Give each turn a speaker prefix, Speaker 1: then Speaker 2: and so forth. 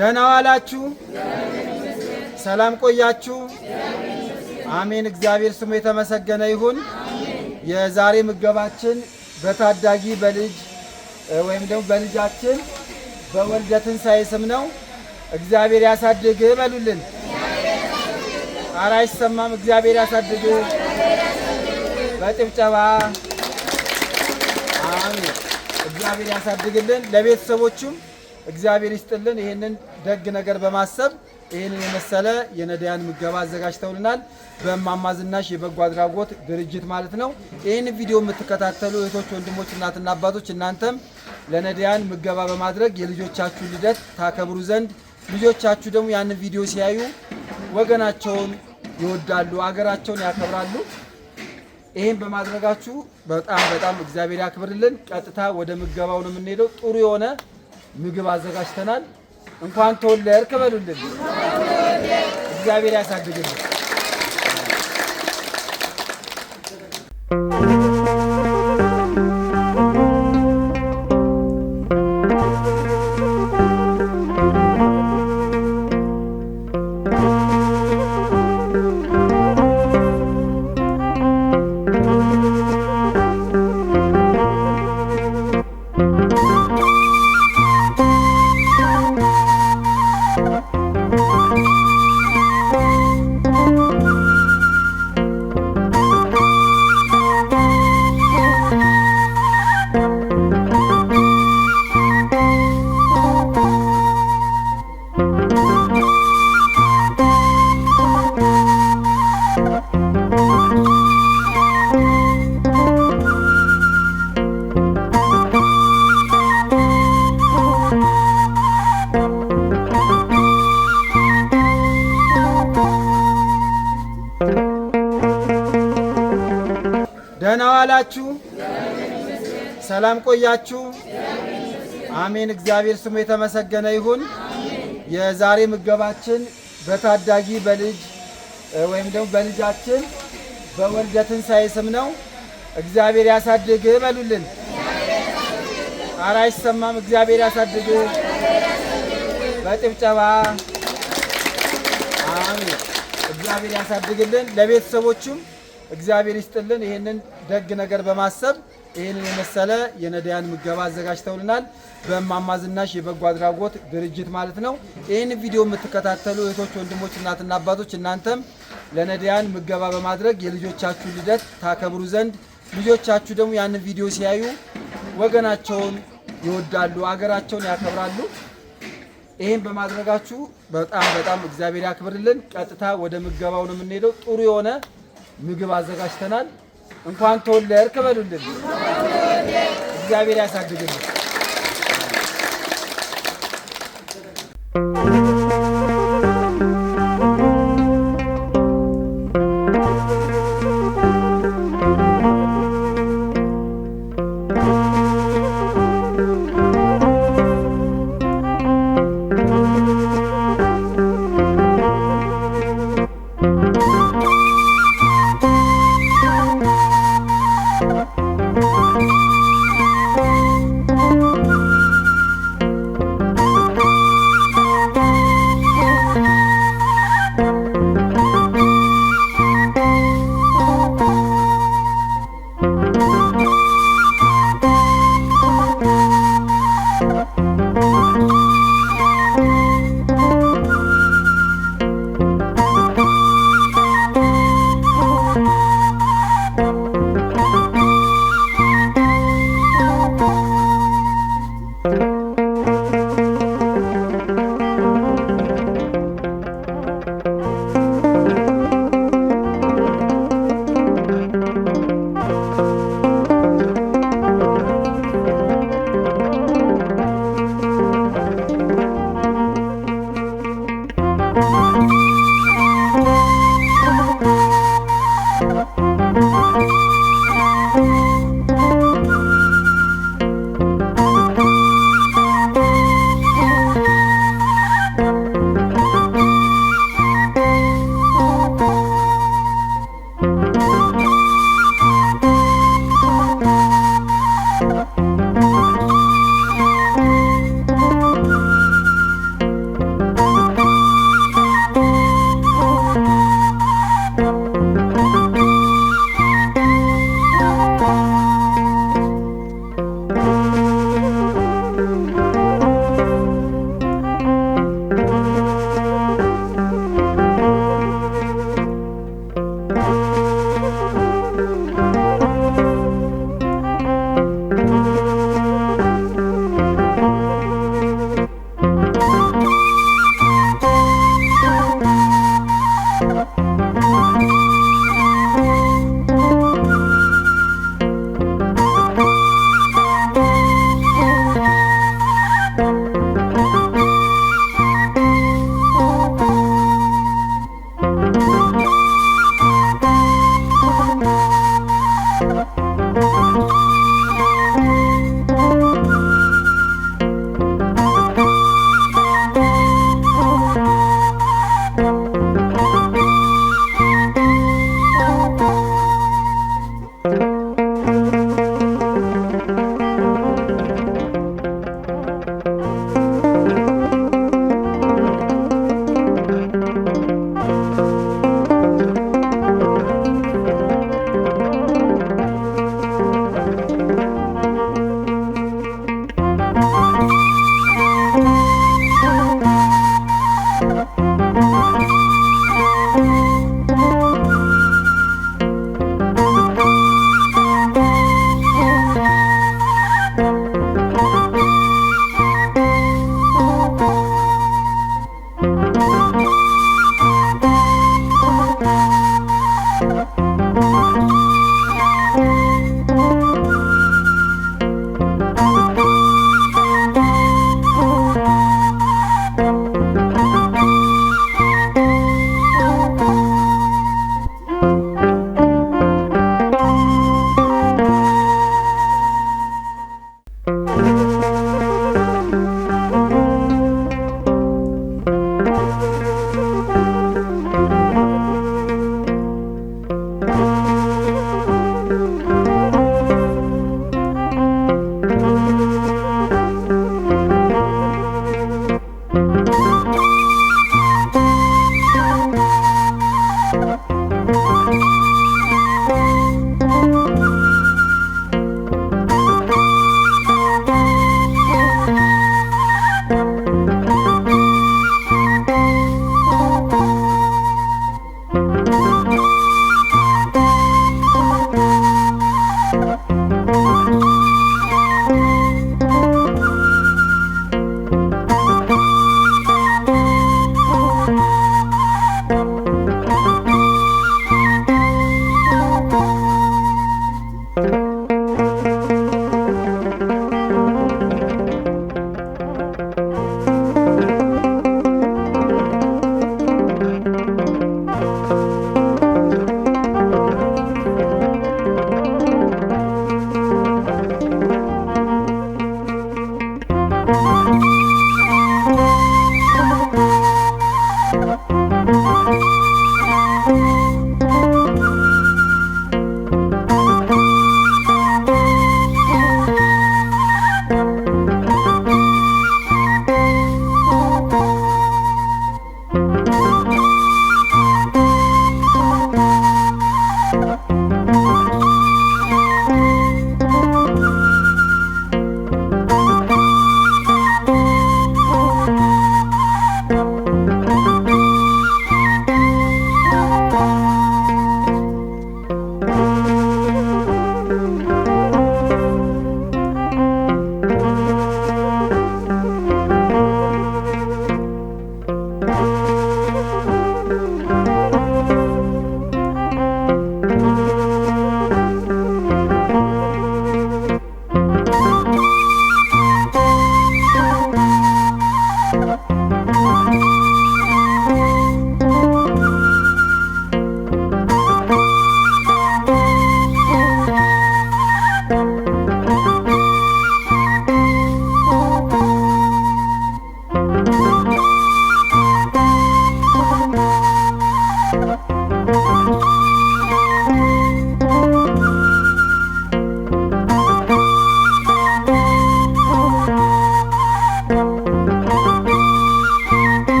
Speaker 1: ደህና ዋላችሁ፣ ሰላም ቆያችሁ። አሜን። እግዚአብሔር ስሙ የተመሰገነ ይሁን። የዛሬ ምገባችን በታዳጊ በልጅ ወይም ደግሞ በልጃችን በወልደ ትንሣኤ ስም ነው። እግዚአብሔር ያሳድግ በሉልን። አራሽ አይሰማም። እግዚአብሔር ያሳድግ በጭብጨባ አሜን። እግዚአብሔር ያሳድግልን ለቤተሰቦቹም እግዚአብሔር ይስጥልን። ይህንን ደግ ነገር በማሰብ ይህንን የመሰለ የነዳያን ምገባ አዘጋጅተውልናል። በማማዝናሽ የበጎ አድራጎት ድርጅት ማለት ነው። ይህን ቪዲዮ የምትከታተሉ እህቶች፣ ወንድሞች፣ እናትና አባቶች እናንተም ለነዳያን ምገባ በማድረግ የልጆቻችሁን ልደት ታከብሩ ዘንድ ልጆቻችሁ ደግሞ ያንን ቪዲዮ ሲያዩ ወገናቸውን ይወዳሉ፣ አገራቸውን ያከብራሉ። ይህን በማድረጋችሁ በጣም በጣም እግዚአብሔር ያክብርልን። ቀጥታ ወደ ምገባው ነው የምንሄደው። ጥሩ የሆነ ምግብ አዘጋጅተናል። እንኳን ተወለድክ በሉልን። እግዚአብሔር ያሳድግልን። ሰላም ቆያችሁ። አሜን። እግዚአብሔር ስሙ የተመሰገነ ይሁን። የዛሬ ምገባችን በታዳጊ በልጅ ወይም ደግሞ በልጃችን በወልደ ትንሣኤ ስም ነው። እግዚአብሔር ያሳድግ በሉልን። ኧረ አይሰማም።
Speaker 2: እግዚአብሔር ያሳድግ
Speaker 1: በጭብጨባ አሜን። እግዚአብሔር ያሳድግልን ለቤተሰቦቹም እግዚአብሔር ይስጥልን። ይህንን ደግ ነገር በማሰብ ይህንን የመሰለ የነዳያን ምገባ አዘጋጅተውልናል። በማማዝናሽ የበጎ አድራጎት ድርጅት ማለት ነው። ይህን ቪዲዮ የምትከታተሉ እህቶች፣ ወንድሞች፣ እናትና አባቶች እናንተም ለነዳያን ምገባ በማድረግ የልጆቻችሁ ልደት ታከብሩ ዘንድ ልጆቻችሁ ደግሞ ያንን ቪዲዮ ሲያዩ ወገናቸውን ይወዳሉ፣ አገራቸውን ያከብራሉ። ይህን በማድረጋችሁ በጣም በጣም እግዚአብሔር ያክብርልን። ቀጥታ ወደ ምገባው ነው የምንሄደው። ጥሩ የሆነ ምግብ አዘጋጅተናል። እንኳን ተወለድክ በሉልን። እግዚአብሔር ያሳድግልን።